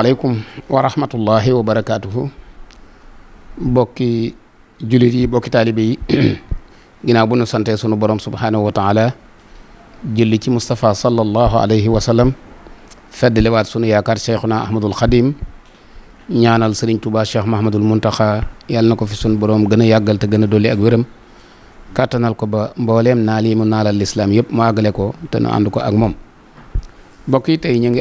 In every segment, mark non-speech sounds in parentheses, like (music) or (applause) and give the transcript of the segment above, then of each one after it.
aleykum wa rahmatullahi wa barakaatuhu bokki jullit yi bokki taalibe yi (clears throat) ginnaaw bu nu sante sunu borom subhaanahu wa taala julli ci Moustapha sallallahu alayhi wa sallam feddliwaat sunu yaakaar cheikhuna ahmadul xadim ñaanal sëriñ Tuubaa cheikh mahamadul muntaxa yàlla na ko fi sunu borom gën a yàggal te gën a dolli ak wéram kàttanal ko ba mboolem naal yi mu naalal lislaam yëpp mu àggale ko te nu ànd ko ak moom bokk tey ñu ngi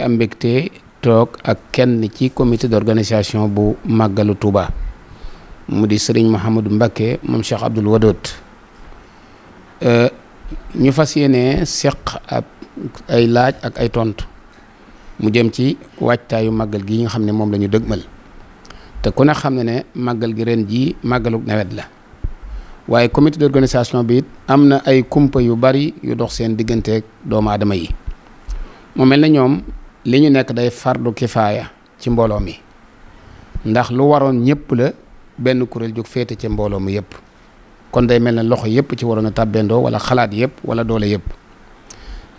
toog ak kenn ci comité d'organisation bu màggalu Touba mu di sëriñ Mouhamadou Mbacké moom Cheikh Abdoul Wadoud ñu fas yéene seq ab ay laaj ak ay tontu mu jëm ci waajtaayu màggal gi nga xam ne moom la ñu dëgmal te ku ne xam ne ne màggal gi ren ji màggaluk nawet la waaye comité d'organisation bi it am na ay kumpa yu bari yu dox seen digganteeg doomu aadama yi mu mel ne ñoom li ñu nekk day fardu kifaaya ci mbooloo mi ndax lu waroon ñëpp la benn kuréel jóg féete ci mbooloo mi yëpp kon day mel ne loxo yëpp ci waroon a tàbbendoo wala xalaat yëpp wala doole yëpp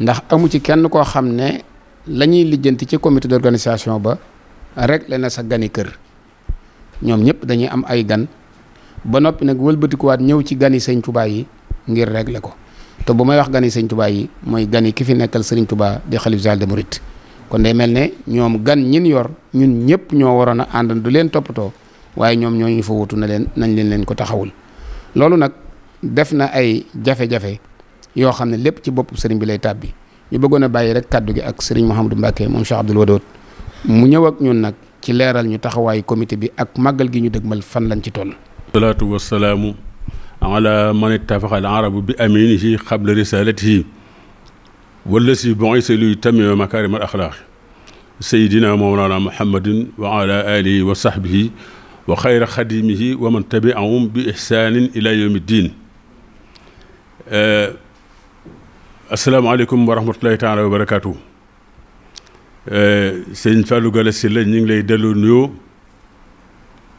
ndax amu ci kenn koo xam ne lañuy ñuy lijjanti ci commité d'organisation ba rek na sa gani kër ñoom ñëpp dañuy am ay gan ba noppi nag wëlbatikuwaat ñëw ci gani sëñ tubaay yi ngir régler ko te bu may wax gani sëñ tubaay yi mooy gani ki fi nekkal sëriñ tubaa di xalif général kon day mel ne ñoom gan ñin yor ñun ñëpp ñoo waroon a àndan du leen toppatoo waaye ñoom ñoo ñu fa wutu na leen nañ leen leen ko taxawul loolu nag def na ay jafe-jafe yoo xam ne lépp ci bopp sëriñ bi lay bi ñu bëggoon a bàyyi rek kàddu gi ak sëriñ Mouhamadou Mbacke moom Cheikh Abdoul Wadoud mu ñëw ak ñun nag ci leeral ñu taxawaayu comité bi ak màggal gi ñu dëgmal fan lañ ci toll. salaatu wa salaamu ala man ittafaqa al arabu bi aminihi qabla risalatihi wala si bon isa luy tamima makaarimal axlaaq saydina mawlaana muhammadin wa ala alihi wa sahbihi wa xayra xadimihi wa man tabiahum bi ihsaanin ila yawmi diin asalaamaaleykum wa rahmatulahi taala wa barakaatu sëñ Fallou Galass la ñu ngi lay delloo nuyoo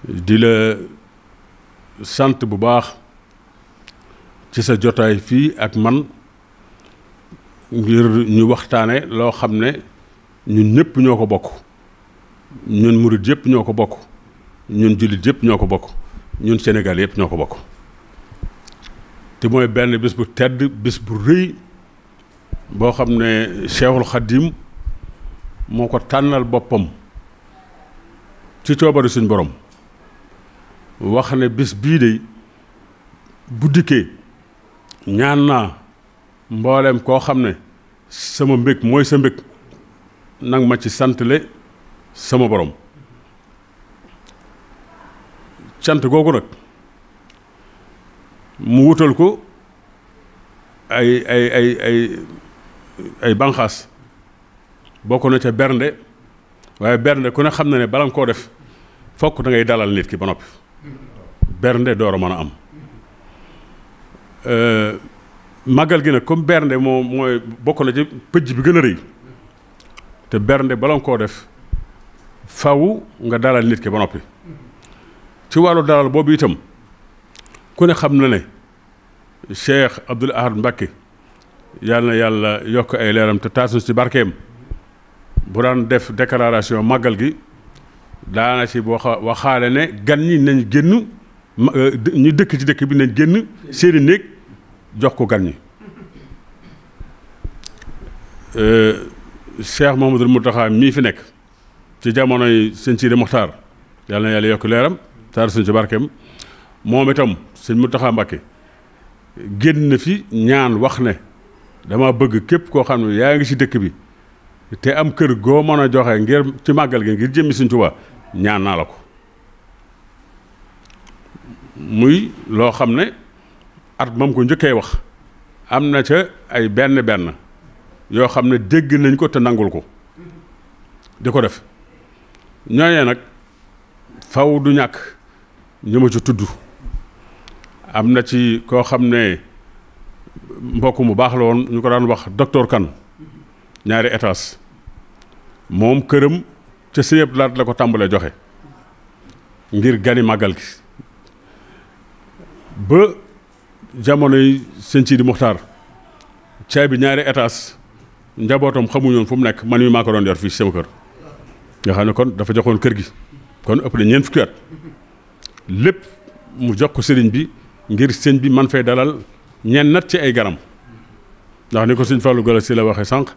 di la sant bu baax ci sa jotaay fii ak man ngir ñu waxtaane loo xam ne ñun ñëpp ñoo ko bokk ñun murit yëpp ñoo ko bokk ñun jullit yëpp ñoo ko bokk ñun senegal yëpp ñoo ko bokk te mooy benn bis bu tedd bis bu rëy boo xam ne Cheikhul Khadim moo ko tànnal boppam ci coobaru suñ borom wax ne bis bii de bu dikkee ñaan naa mboolem koo xam ne sama mbég mooy sa mbég nag ma ci santle sama borom sant googu nag mu wutal ko ay ay ay ay ay banqaas bokk na ca bernde waaye bernde ku ne xam na ne bala koo def fokk da ngay dalal nit ki ba nopp bernde door a mën a am euh, màggal gi nag comme bernde moom mooy bokk na ci pëj bi gën a rëy te bernde bala koo def faw nga dalal nit ki ba noppi ci wàllu dalal boobu itam ku ne xam na ne Cheikh Abdoul Ahad Mbacké yàlla na yàlla yokk ay leeram te taas ci barkeem bu daan def déclaration màggal gi daana ci waxaale ne gan ñi nañ génn euh, ñu dëkk ci dëkk bi nañ génn seeni néeg jox ko gan ñi euh, Cheikh Mouhamadoul Mountakha mii fi nekk ci jamonoy sëñ si Muxtaar yàlla na yàlla yokk leeram taar suñ ci barkeem moom itam sëñ Mountakha Mbacké génn fi ñaan wax ne dama bëgg képp koo xam ne yaa ngi ci dëkk bi te am kër goo mën a joxe ngir ci màggal gi ngir jëmmi suñ Tuubaa ñaan naa la ko muy loo xam ne at moom ko njëkkee wax am na ca ay benn benn yoo xam ne dégg nañ ko te nangul ko di ko def ñooñee nag faw du ñàkk ñu ci tudd am na ci koo xam ne mbokk mu baax la woon ñu ko daan wax docteur kan ñaari étage moom këram ca sëñëb laat la ko tàmbalee joxe ngir gani màggal gi ba jamonoy sëñ Sidi Muxtaar caay bi ñaari étage njabootam xamuñoon fu mu nekk man mi maa ko doon yor fii sama kër nga xam ne kon dafa joxoon kër gi kon ëpp na ñeent fukki at lépp mu jox ko sëriñ bi ngir sëñ bi man fay dalal ñen nat ci ay garam ndax ni ko sëñ Fallou Gala si la waxe sànq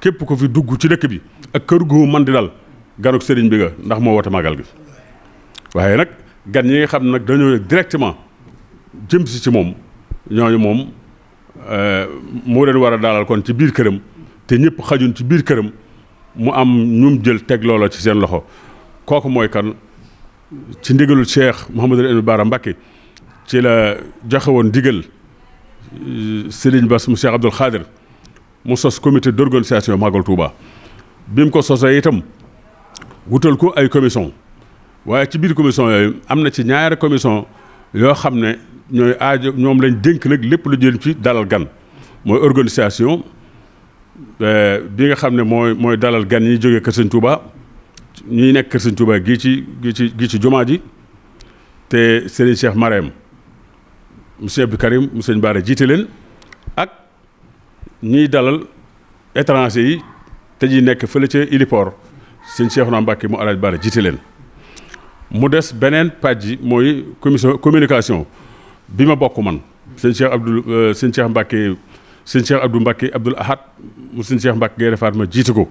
képp ko fi dugg ci dëkk bi ak kër gu man di dal ganuk sëriñ bi nga ndax moo woote màggal gi waaye nag gan ñi xam nag dañoo directement jëm si ci moom ñooñu moom euh, moo leen war a dalal kon ci biir këram te ñëpp xajuñ ci biir këram mu am ñum jël teg loola ci seen loxo kooku mooy kan ci ndigalul Cheikh Mouhamadul Amine Bara Mbacké ci la joxe woon ndigal euh, Serigne Bass mu Cheikh Abdoul Khadir mu sos comité d'organisation Magal Touba bi mu ko sosee itam wutal ko ay commission waaye ci biir commission yooyu am na ci ñaari commission yoo xam ne ñooy aajo ñoom lañ dénk nag lépp lu jëm ci dalal gan mooy organisation euh, bi nga xam ne mooy mooy dalal gan ñi jógee Kër Sëñ Touba ñuy nekk Kër Sëñ Touba gii ci gi ci gii ci jumaa ji te Serigne Cheikh Marème monsieur bi Karim monsieur Mbaare jiite leen ak ñiy dalal étranger yi te ji nekk fële ca Ilipor sëñ Cheikhouna Mbacké mu alaaj Bara jiite leen mu des beneen pàcc ji mooy commission communication bi ma bokk man sëñ Cheikh Abdoul euh, sëñ Cheikh Mbacke sëñ Cheikh Abdou Mbacke Abdoul Ahad mu sëñ Cheikh Mbacke Gaïndé Fatma jiite ko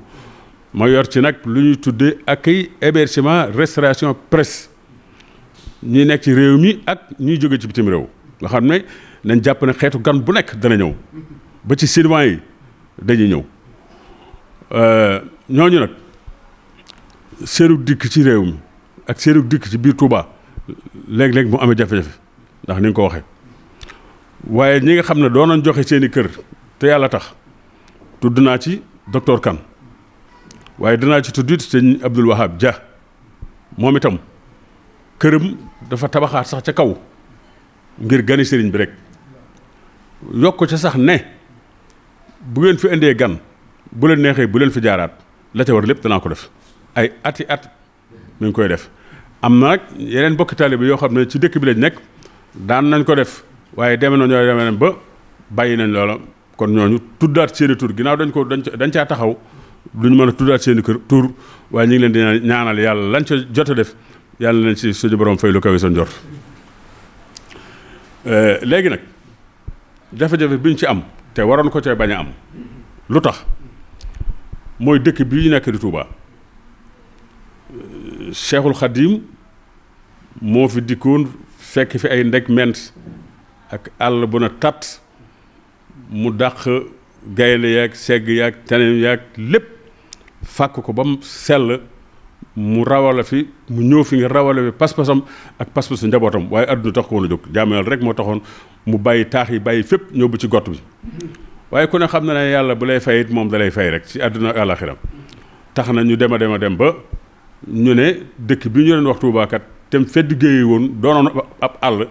ma yor ci nag lu ñuy tuddee accueil hébergement restauration presse ñi nekk ci réew mi ak ñuy jóge ci bitim réew nga xam ne nañ jàpp ne xeetu gan bu nekk dana ñëw ba ci chinois yi dañuy ñëw euh, ñooñu nag seenu dikk ci réew mi ak seenu dikk ci biir Touba léeg-léeg mu amee jafe-jafe ndax ni ko waxee waaye ñi nga xam ne doon joxe seeni kër te yàlla tax tudd naa ci docteur kan waaye dinaa ci tudd it sëñ Abdul Wahab ja moom itam këram dafa tabaxaat sax ca kaw ngir gani sëriñ bi rek yokk ca sax ne bu ngeen fi indee gan bu leen neexee bu leen fi jaaraat la ca war lépp danaa ko def ay ati at mu ngi koy def am na nag yeneen bokki taalibe yoo xam ne ci dëkk bi lañ nekk daan nañ ko def waaye deme na ñoo deme nañ ba bàyyi nañ loola kon ñooñu tuddaat seen i tur ginnaaw dañ ko dañ dañ caa taxaw duñ mën a tuddaat seeni kër tur waaye ñu ngi leen di ñaanal yàlla lañ ca jot def yàlla nañ si suñu borom fay lu kawe sa njort euh, léegi nag jafe-jafe bi ñu ci am te waroon ko cee bañ a am lu tax mooy dëkk bi ñu nekk di Touba euh, Cheikhul Khadim moo fi dikkoon fekk fi ay ndeg ment ak àll bu na tat mu dàq gaynde yaag segg yaag teneen yaag lépp fàkk ko ba mu sell mu rawale fi mu ñëw fi nga rawale fi pas-pasam ak pas-pasu njabootam waaye adduna tax ko woon a jóg jaamu yàlla rek moo taxoon mu bàyyi taax yi bàyyi fépp ñëw ba ci gott bi waaye ku ne xam na ne yàlla bu lay fay it moom dalay fay rek ci àdduna ak tax na ñu dem a dem a dem ba ñu ne dëkk bi ñu leen wax tuubaakat tem fedd géeye woon doonoon ab àll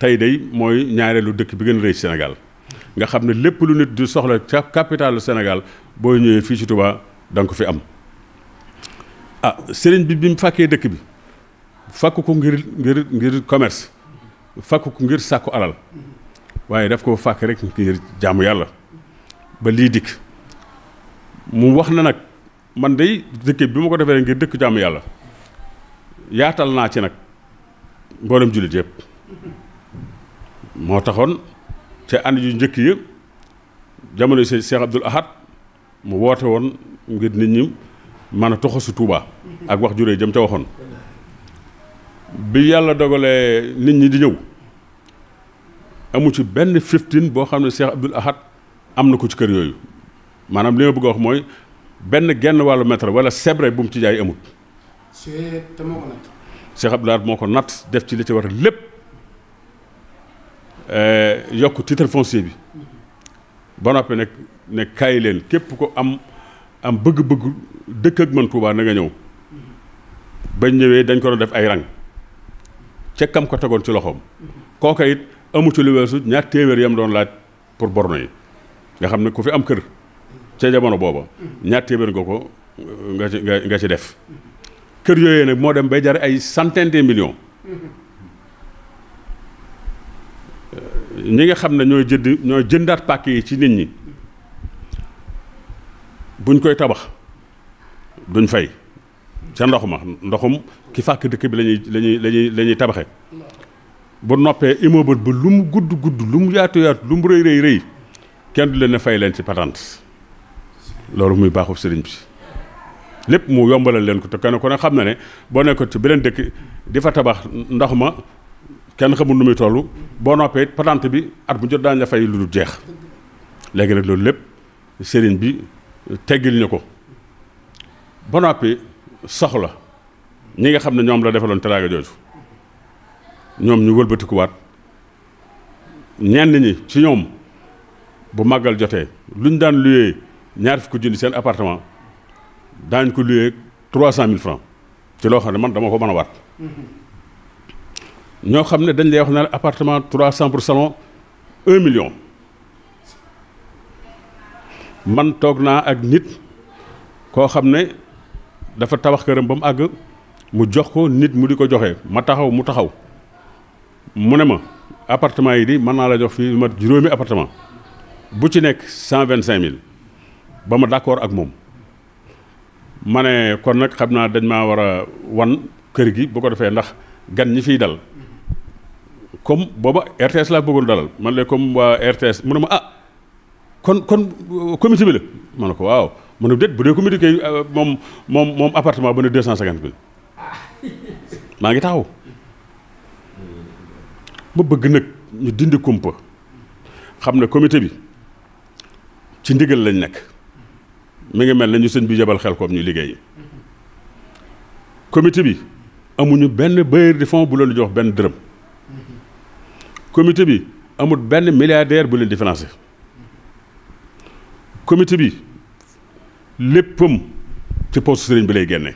tey day mooy ñaareelu dëkk bi gën a rëy senegal nga xam ne lépp lu nit di soxla ca capitale senegal boo ñëwee fii ci Touba da ko fi am ah sëriñ bi bi mu fàkkee dëkk bi fàkk ko ngir ngir ngir commerce fàkk ko ngir sàkku alal waaye daf ko fàkk rek ngir jàmm yàlla ba lii dikk mu wax na nag man day dëkk bi ma ko defee ngir dëkk jàmm yàlla yaatal naa ci nag mboolem jullit yëpp moo taxoon ca ànd yu njëkk yi jamono si Cheikh Abdoul Ahad mu woote woon ngir nit ñi mën a toxasu Touba ak wax juree jëm ca waxoon bi yàlla dogalee nit ñi di ñëw amu ci benn fifteen boo xam ne Cheikh Abdoul Ahad am na ko ci kër yooyu maanaam li ma bëgg a wax mooy benn genn wàllu mètre wala sebre bu mu ci jaay amut te moo ko natt. moo ko natt def ci li ci war lépp eh, yokk titre foncier bi ba noppi nag ne kaay leen képp ko am am bëgg-bëgg dëkk ak man Touba na nga ñëw bañ ñëwee dañ ko def ay rang ca kam ko tegoon ci loxoom kooka it amu ci lu su ñaar téeméer yam doon laaj pour borno yi nga xam ne ku fi am kër ca jamono booba ñaar téeméer nga ko nga ci nga ci def kër yooyee nag moo dem bay jar ay centaine de millions ñi nga xam ne ñooy jënd ñooy jëndaat pàkk yi ci nit ñi buñ koy tabax duñ fay ca ndox ma ndoxum ki fàkk dëkk bi lañuy lañuy lañuy la tabaxe bu noppee immeuble ba lu mu gudd gudd lu mu yaatu yaatu lu mu rëy rëy rëy kenn du leen ne fay leen ci patant loolu muy baaxul sëriñ bi lépp mu yombalal leen ko te kenn ku ne xam na ne boo nekkoon ci beneen dëkk di fa tabax ndox ma kenn xamul nu muy tollu boo noppee patente bi at bu jot daan la fay lu dul jeex léegi nag loolu lépp sëriñ bi teggil ñu ko ba noppi soxla ñi nga xam ne ñoom la defaloon teraanga jooju ñoom ñu wëlbatikuwaat ñeen ñi ci ñoom bu màggal jotee lu ñu daan luyee ñaar fi ko junni seen appartement daañu ko luyee trois cent mille francs ci loo ne man dama ko mën a waat ñoo xam ne dañ lay wax ne appartement trois cent pour salon un million man toog naa ak nit koo xam ne dafa tabax këram ba mu àgg mu jox ko nit mu di ko joxe ma taxaw mu taxaw mu ne ma appartement yi di mën naa la jox fii ma juróomi appartement bu ci nekk cent vingt cinq mille ba ma d'accord ak moom ma kon nag xam naa dañ maa war a wan kër gi bu ko defee ndax gan ñi fiy dal comme booba RTS laa bëggoon dalal man la comme waa RTS mu ma ah kon kon comité bi la ne ko waaw mu ne déet bu dee comité kay euh, moom moom moom appartement ba ne deux cent cinquante maa ngi taxaw ma bëgg nag ñu dindi kumpa xam ne comité bi ci ndigal lañ nekk mi ngi mel na ñu seen bi jabal xel koom ñu liggéey comité bi amuñu benn bailleur de fonds bu leen di jox benn dërëm comité bi amut benn milliardaire bu leen di financé comité bi léppam ci poste sëriñ bi lay génne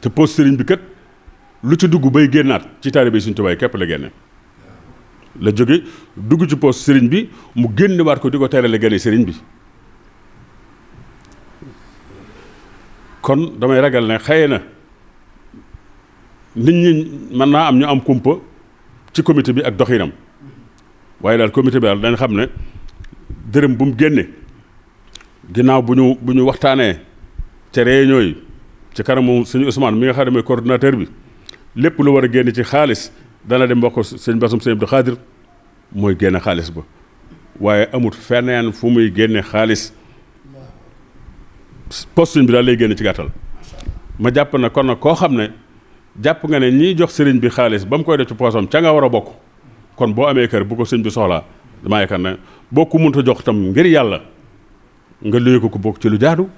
te poste sëriñ bi kat lu ci dugg bay génnaat ci taalibe Sëriñ Tuubaa képp la génne la jóge dugg ci poste sëriñ bi mu génnewaat ko di ko terale la génne sëriñ bi kon damay ragal ne xëy na nit ñi mën naa am ñu am kumpa ci comité bi ak doxinam waaye daal comité bi daal dañ xam ne dërëm bu mu génne ginnaaw bu ñu bu ñu waxtaanee ca réunion yi ci kanamu suñu Ousmane mi nga xam mooy coordonnateur bi lépp lu war a génn ci xaalis dana dem wax ko sëñ Basum sëñ Abdou Khadir mooy génne xaalis ba waaye amut feneen fu muy génne xaalis postin bi daal lay génn ci gàttal ma jàpp na kon nag koo xam ne jàpp nga ne ñiy jox sëriñ bi xaalis ba mu koy def ci poosam ca nga war a bokk kon boo amee kër bu ko sëriñ bi soxlaa damaa yaakaar ne boo ko mënta jox tam ngir yàlla nga luye ko ku bokk ci lu jaadu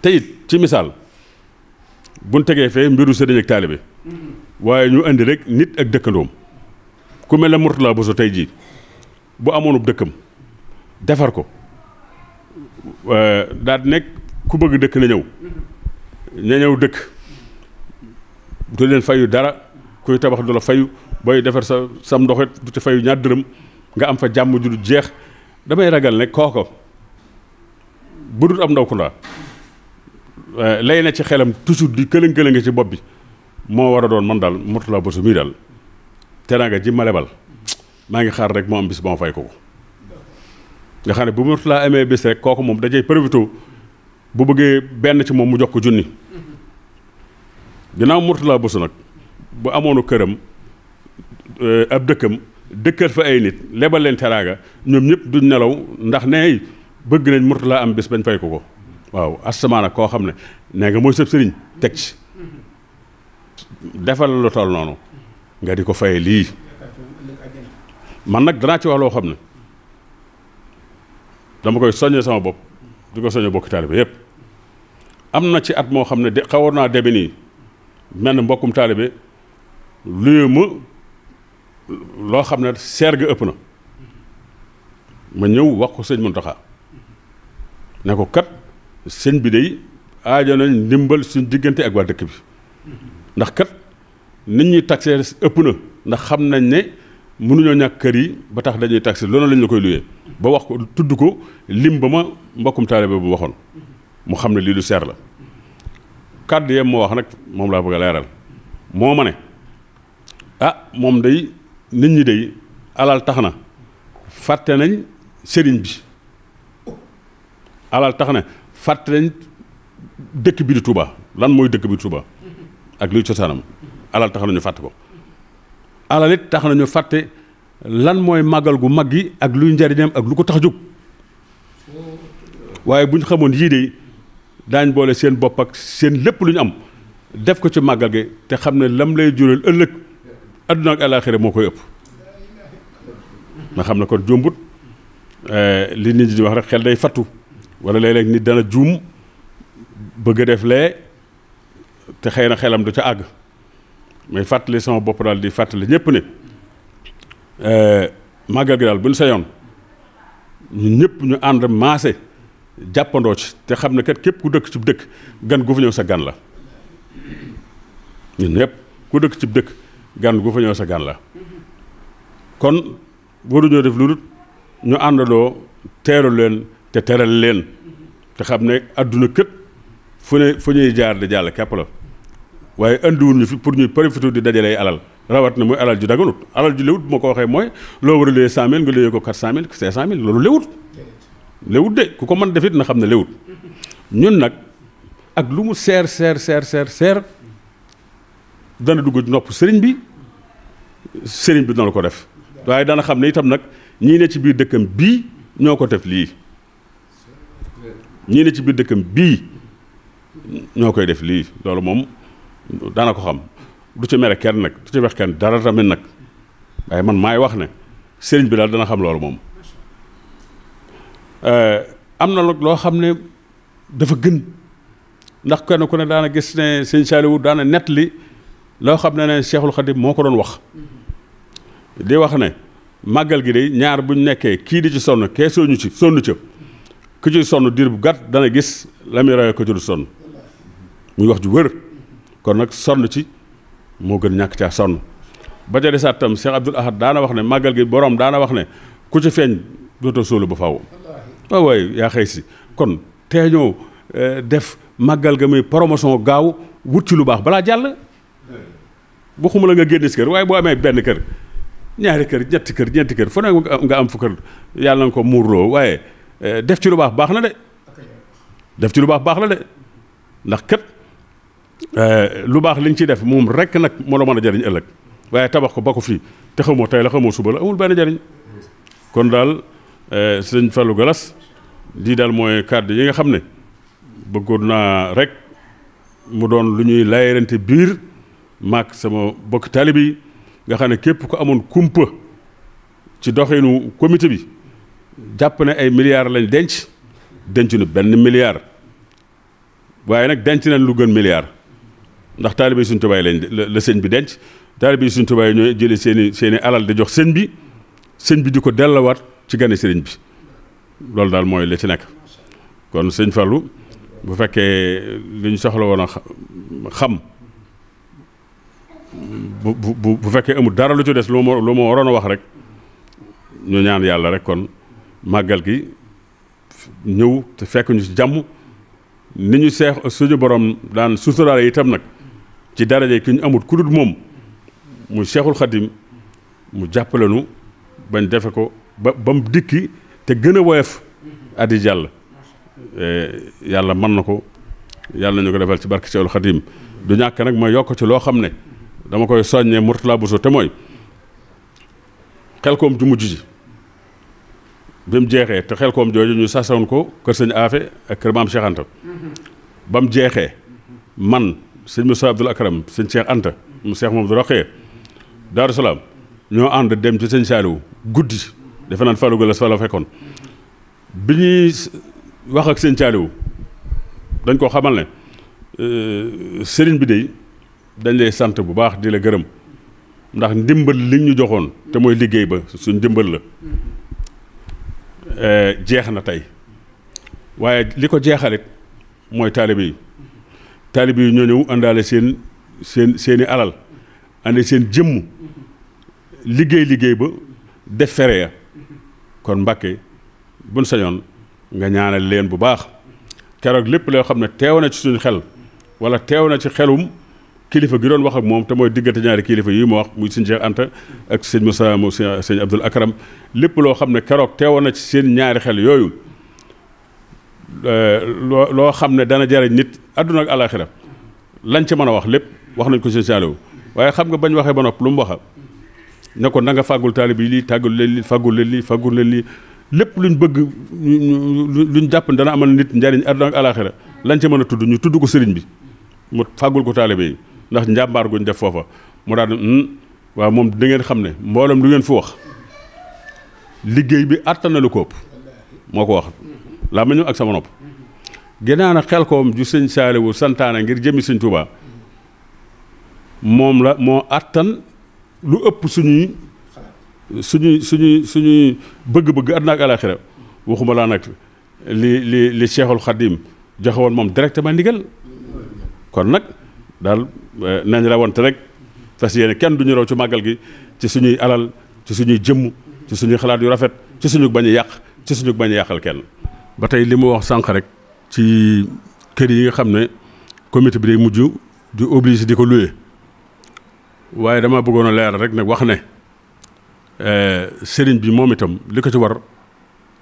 te ci misaal buñ tegee fee mbiru sëriñ ak taalibe waaye ñu indi rek nit ak dëkkandoom ku mel ne Mourtala Bousso tey jii bu amoonub dëkkam defar ko Euh, daal di nekk ku bëgg dëkk na ñëw na ñëw dëkk du leen fayu dara kuy tabax du la fayu booy defar sa sam ndoxit du te fayu ñaat dërëm nga am fa jàmm ju du jeex damay ragal ne kooko bu dul am ndaw kundaa euh, lay na ci xelam toujours di këlëng-këlëng nga ci bopp bi moo war a doon man daal Mourtalla Bousso mii daal teraanga ji ma lebal maa ngi xaar rek moo am bis ba fay ko ko nga xam ne bu Mourtala amee bés rek kooku moom dajay profité bu bëggee benn ci moom mu jox ko junni ginnaaw Mourtala Bousso nag bu amoonu këram euh, ab dëkkam dëkkal fa ay nit lebal leen teraaga ñoom ñëpp duñ nelaw ndax ne bëgg nañ Mourtala am bés bañ fay ko ko waaw asamaana koo xam ne nee nga mooy sëb sëriñ teg ci defal la toll noonu nga di ko fay lii man nag danaa ci wax loo xam ne dama koy soññee sama bopp di ko soññee bokki taalibe yëpp am na ci at moo xam ne de xawoon naa deme nii menn mbokkum taalibe luy ma loo xam ne seer ga ëpp na ma ñëw wax ko sëñ Muntaxa ne ko kat sëñ bi day aajo nañ ndimbal suñ diggante ak waa dëkk bi ndax kat nit ñuy taxé ëpp na ndax xam nañ ne mënuñoo ñàkk kër yi ba tax dañuy taxé loolu lañ la koy luye ba wax ko tudd ko lim ba ma mbokkum taalibe bu waxoon mu xam ne lii lu seer la kàddu yem moo wax nag moom laa bëgg a leeral moo ma ne ah moom day nit ñi day alal tax na fàtte nañ sëriñ bi alal tax na fàtte nañ dëkk bi di Touba lan mooy dëkk bi di Touba ak luy cosaanam alal tax na ñu fàtte ko alal tax na fàtte lan mooy màggal gu mag gi ak luy njariñam ak lu ko tax jóg waaye bu ñu xamoon yii de daañ boole seen bopp ak seen lépp lu ñu am def ko ci màggal gi te xam ne lam lay jural ëllëg adduna ak moo koy ëpp ma xam ne kon jombut eh, li nit ñi di wax rek xel day fattu wala léeg-léeg nit dana juum bëgg a def lee te xëy na xelam du ca àgg mais fàttali sama bopp daal di fàttali ñëpp ne Euh, màggal gi daal bu ñu sañoon ñun ñëpp ñu ànd maase jàppandoo ci te xam ne kët képp ku dëkk cib dëkk gan gu fa ñëw sa gan la ñun ñëpp ku dëkk cib dëkk gan gu fa ñëw sa gan la kon waruñoo def lu dul ñu àndandoo teeru leen te teral leen te xam ne àdduna kët fu ne fu ñuy jaar di jàll képp la waaye andiwul fi pour ñuy profité di dajalee alal rawat na mooy alal ju daganut alal ju léwut bu ma ko waxee mooy loo war a léyee cent mille nga léyee ko quatre cent mille cinq loolu léwut léwut de ku ko man def na xam ne léwut ñun nag ak lu mu seer seer seer seer seer dana dugg nopp sëriñ bi sëriñ bi dana ko def waaye dana xam ne itam nag ñii ne ci biir dëkkam bii ñoo ko def lii ñii ne ci biir dëkkam bii ñoo koy def lii loolu moom dana ko xam du ci mere kenn nag du ci wax kenn dara tamit nag waaye man maay wax ne sëriñ bi daal dana xam loolu moom euh, am na loo xam ne dafa gën ndax kenn ku ne daana gis ne sëñ Saliou daana nett li loo xam ne ne Cheikhul Khadim moo ko doon wax di wax ne màggal gi de ñaar buñ nekkee kii di ci sonn kee sooñu ci sonn ca ku ci sonn diir bu gàtt dana gis la muy rawee ko du sonn muy wax ju wër kon nag sonn ci moo gën ñàkk caa sonn ba ca desaat tam Cheikh Abdoul Ahad daana wax ne màggal gi borom daana wax ne ku ci feeñ dootoo sóolu ba faw waaw waay yaa xëy si kon tee ñoo eh, def màggal ga muy promotion gaaw wut ci lu baax balaa jàll waxuma la nga génn si kër waaye boo amee benn kër ñaari kër ñetti kër ñeenti kër fu nga am fu kër yàlla na ko muurloo waaye eh, def ci lu baax baax na de def ci lu baax baax na de ndax kat Eh, lu baax liñ ciy def moom rek nag moo la mën a jariñ ëllëg waaye tabax ko ba ko fii te xamoo tey la xamoo suba la amul benn jariñ kon daal eh, sëñ Fallou Galas lii daal mooy kàddu yi nga xam ne bëggoon naa rek mu doon lu ñuy laayarante biir maak sama bokk taalibe yi nga xam ne képp ko amoon kumpa ci doxinu comité bi jàpp ne ay milliards lañ denc denc benn milliard waaye nag denc na lu gën milliard ndax taalibe suñ tubaay lañ la sëñ bi denc taalibe suñ tubaay ñooy jëlee seeni seeni seen alal di jox sëñ bi sëñ bi di ko delluwaat ci gane sëriñ bi loolu daal mooy li ci nekk kon sëñ Fallou bu fekkee li ñu soxla woon a xam bu fekkee amul dara lu ci des lu ma waroon a wax rek ñu ñaan yàlla rek kon màggal gi ñëw te fekk ñu si jàmm ni ñu seex suñu borom daan suturaale itam nag. ci daraje ki ñu amut ku moom mu Cheikhul Khadim mu jàppale nu bañ defe ko ba ba mu dikki te gën a woyof addi jàll eh, yàlla man na ko yàlla ñu ko defal ci barke Cheikhul Khadim du ñàkk nag ma yokk ci loo xam ne dama koy soññee Mourtala Bousso te mooy xel koom ju mujj ji bi mu jeexee te xel koom jooju ñu sasoon ko kër sëñ Afe ak kër maam Cheikh Anta ba mu jeexee man. sëñ Moussa Abdoul Akram sëñ Cheikh Anta mu seex Mamadou Rokhaya Daaru Salaam ñoo ànd dem ci sëñ Saliou guddi defe naan Fallou Gallas fa la fekkoon bi ñuy wax ak sëñ dañ ko xamal ne euh, sëriñ bi de dañ lay sant bu baax di la gërëm ndax ndimbal li ñu joxoon te mooy liggéey ba suñ ndimbal la euh, jeex na tey waaye li ko jeexalit mooy taalibe yi taalibe yi ñoo ñëw àndaale seen seen seeni alal ànde seen jëmm liggéey liggéey ba def fere ya kon Mbàkke buñ sañoon nga ñaanal leen bu baax keroog lépp loo xam ne teew na ci suñu xel wala teew na ci xelum kilifa gi doon wax ak moom te mooy diggante ñaari kilifa yi ma wax muy sëñ Cheikh Anta ak sëñ Moussa mu sëñ Abdoul Akram lépp loo xam ne keroog teewoon na ci seen ñaari xel yooyu Euh, loo loo xam ne dana jariñ nit àdduna ak àllaaxira lañ ci mën a wax lépp wax nañ ko sëñ Saliou waaye xam nga bañ waxee ba nopp lu mu waxa ne ko na nga fàggul taalib yi lii tàggul leen lii fàggul leen lii fàggul leen lii lépp luñ bëgg luñ jàpp ne dana amal nit njariñ àdduna ak àllaaxira lañ ci mën a tudd ñu tudd ko sëriñ bi mu fàggul ko taalibe yi ndax njàmbaar guñ def foofa mu daal hmm, waaw moom da ngeen xam ne mbooloom lu ngeen fi wax liggéey bi àttanalu ko ëpp ko wax laa làmmiñam ak sama nopp ginnaaw na xel koom ju sëñ saaliwu santaana ngir jëmmi sëñ Tuubaa moom la moo àttan lu ëpp suñuy suñuy suñuy suñuy bëgg-bëgg àdduna ak àlaaxira waxuma laa nag li li li Cheikhul Khadim joxe woon moom directement ndigal kon nag daal eh, nañ rawante rek fas yéene kenn du ñu ci màggal gi ci suñuy alal ci suñuy jëmm ci suñuy xalaat yu rafet ci suñu bañ yàq ci suñu bañ a yàqal kenn ba tey li mu wax sànq rek ci kër yi nga xam ne comité bi day mujj di obligé di ko loué waaye dama bëggoon a leer rek ne wax ne eh, sëriñ bi moom itam li ko ci war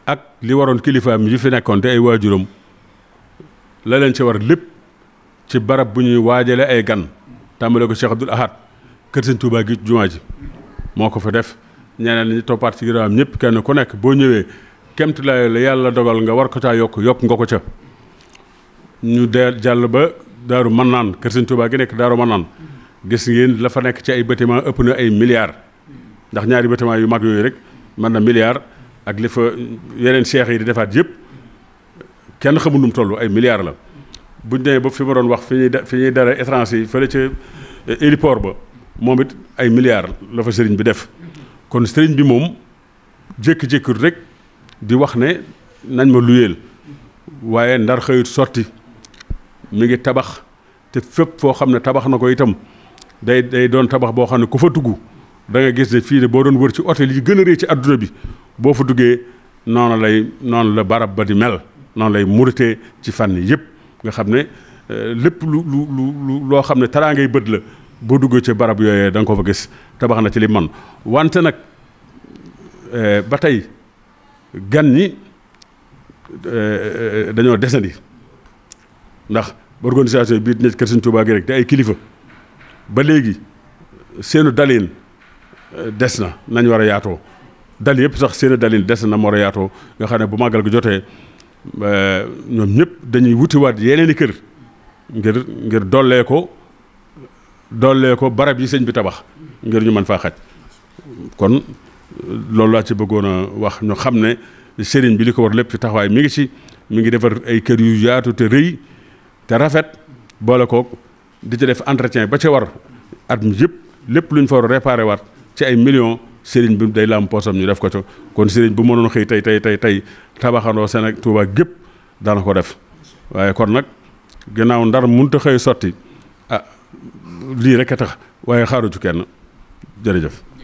ak li waroon kilifaam yi fi nekkoon te ay waajuram la leen ci war lépp ci barab bu ñuy waajale ay gan tàmbale ko Cheikh Abdoul Ahad kër sëñ Touba gi jumaa ji moo ko fa def ñeneen ñi toppaat ci ginnaawam ñëpp kenn ku nekk boo ñëwee kemtulaay la yàlla dogal nga war ko caa yokk yokk nga ko ca ñu de jàll ba daaru mën naan kër sëñ Tuubaa gi nekk daaru mën gis ngeen la fa nekk ci ay batiment ëpp na ay milliards ndax ñaari batiment yu mag yooyu rek mën na milliards ak li fa yeneen seex yi di defaat yëpp kenn xamul nu toll ay milliards la buñ demee ba fi ma doon wax fi ñuy fi ñuy dara étranger yi fële ca eh, héliport ba moom it ay milliards la fa sëriñ bi def kon sëriñ bi moom jékki-jékki rek. di wax ne nañ ma luyeel waaye ndar xëyut sotti mi ngi tabax te fépp foo xam ne tabax na ko itam day day doon tabax boo xam ne ku fa dugg da gis ne fii de boo doon wër ci hôtel yi gën a rëy ci adduna bi boo fa duggee noonu lay noonu la barab ba di mel noonu lay muritee ci fànn yëpp nga xam ne euh, lépp lu lu lu loo xam ne taraangay bët la boo duggee ci barab yooyee da ko fa gis tabax na ci li man wante nag euh, ba tey gan ñi euh, dañoo desandi ndax organisation bii dina kër Tuubaa gi rek te ay kilifa ba léegi seenu dalin euh, des na nañ war a yaatoo dal yëpp sax seenu dalin des na nam war a yaatoo nga xam ne bu màggal gu jotee euh, ñoom ñëpp dañuy wutiwaat yeneen i kër ngir ngir dollee ko dollee ko barab yi sëñ bi tabax ngir ñu mën faa xaj kon loolu laa ci bëggoon a wax ñu xam ne sëriñ bi li ko war lépp ci taxawaay mu ngi ci mu ngi defar ay kër yu yaatu te rëy te rafet boole koog di ci def entretien ba ci war at mi yëpp lépp lu ñu fa war a réparé waat ci ay millions sëriñ bi day laam ñu def ko co kon sëriñ bu mënoon xëy tey tey tey tey tabaxandoo Sénégal Touba gépp daana ko def waaye kon nag gannaaw ndar mënut a xëy sotti ah lii rek a tax waaye xaaru ci kenn jërëjëf.